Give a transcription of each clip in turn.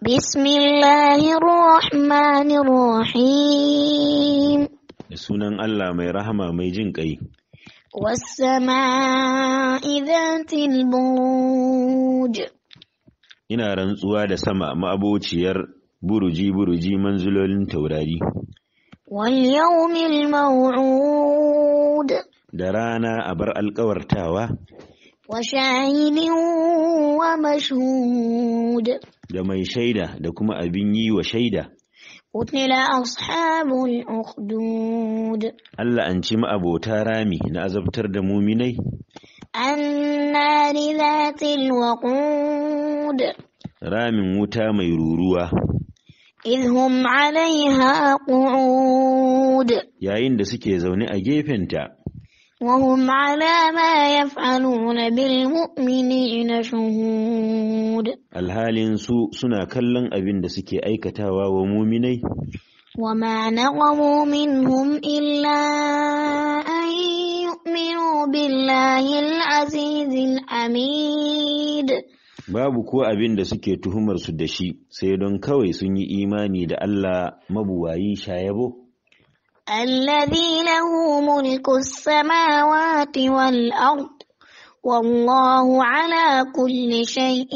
بسم الله الرحمن الرحيم سنن الله مي رحمة مي جن قي والسماء ذات البروج ina rantsuwa da sama ma'abociyar buruji-buruji manzulolin taurari. Wal maw'ud da rana a bar alkawartawa. وشاهد ومشهود da mai shaida da kuma abin yi wa shaida kutila ashabul الأخدود Allah an ci ma'abota rami na azabtar da muminai النار ذات الوقود ramin wuta mai ruruwa إذ هم عليها قعود yayin da suke zaune a gefenta وهم على ما يفعلون بالمؤمنين شهود الهال سو سنا كلن أبين دسكي أي كتاوا ومؤمني وما نقموا منهم إلا أن يؤمنوا بالله العزيز الحميد babu ko abin da suke tuhumar su da shi sai don kawai sun yi imani da Allah mabuwayi shayabo الذي له ملك السماوات والأرض والله على كل شيء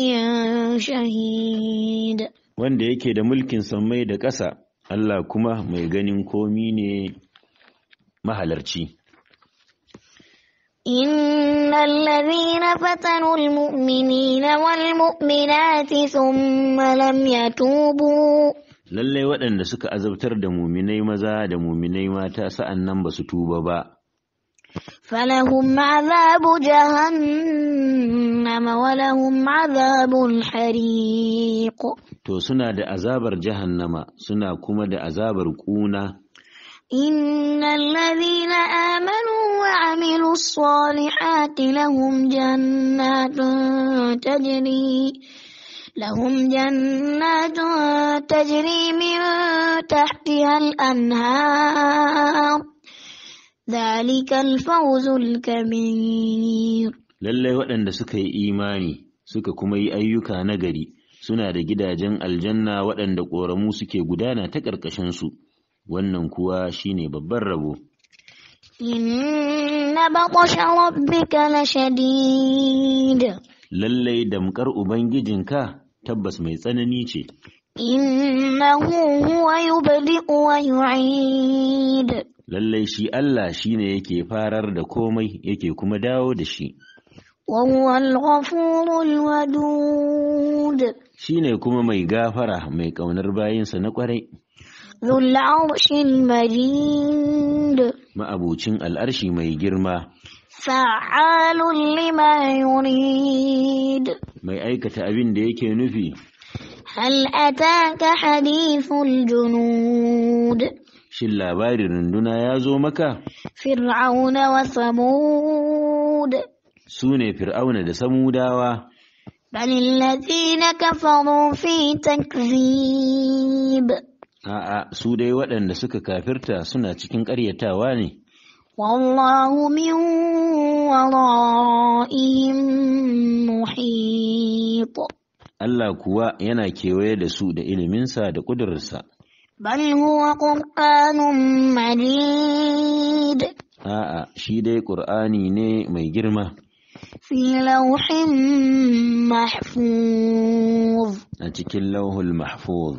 شهيد wanda yake da mulkin sammai da ƙasa Allah kuma mai ganin komi ne إن الذين فتنوا المؤمنين والمؤمنات ثم لم يتوبوا lallai waɗanda suka azabtar da muminai maza da muminai mata sa'an nan ba su tuba ba. فلهم عذاب جهنم ولهم عذاب الحريق تو سنا دا عذابر جهنم سنا كما دا عذابر كونا إن الذين آمنوا وعملوا الصالحات لهم جنات تجري لهم جنات تجري من تحتها الأنهار ذلك الفوز الكبير lallai waɗanda suka yi imani suka kuma yi ayyuka nagari suna da gidajen aljanna waɗanda ƙoramu suke gudana ta ƙarƙashinsu wannan kuwa shine babban rabo inna batasha rabbika lashadid lallai damƙar ubangijinka tabbas mai tsanani ce. Innahu huwa yubdi'u wa yu'id. Lallai shi Allah shine yake farar da komai yake kuma dawo da shi. Wa huwa al Shi ne Shine kuma mai gafara mai kaunar bayinsa na kwarai. Zulla arshin majid. Ma'abucin al'arshi mai girma. Fa'alun lima Muhammad. mai aikata abin da yake nufi hal ataka hadithul junud shin labarin runduna ya zo maka fir'auna wa samud su ne fir'auna da samudawa بل الذين كفروا في تكذيب a'a su dai waɗanda suka kafirta suna cikin ƙaryatawa ne Wallahu min wara'ihim Allah kuwa yana kewaye da su da iliminsa da ƙudurarsa. Bal huwa ƙur'anun madid. A'a, shi dai ƙur'ani ne mai girma. Fi lauhin mahfuz. A cikin lauhul mahfuz.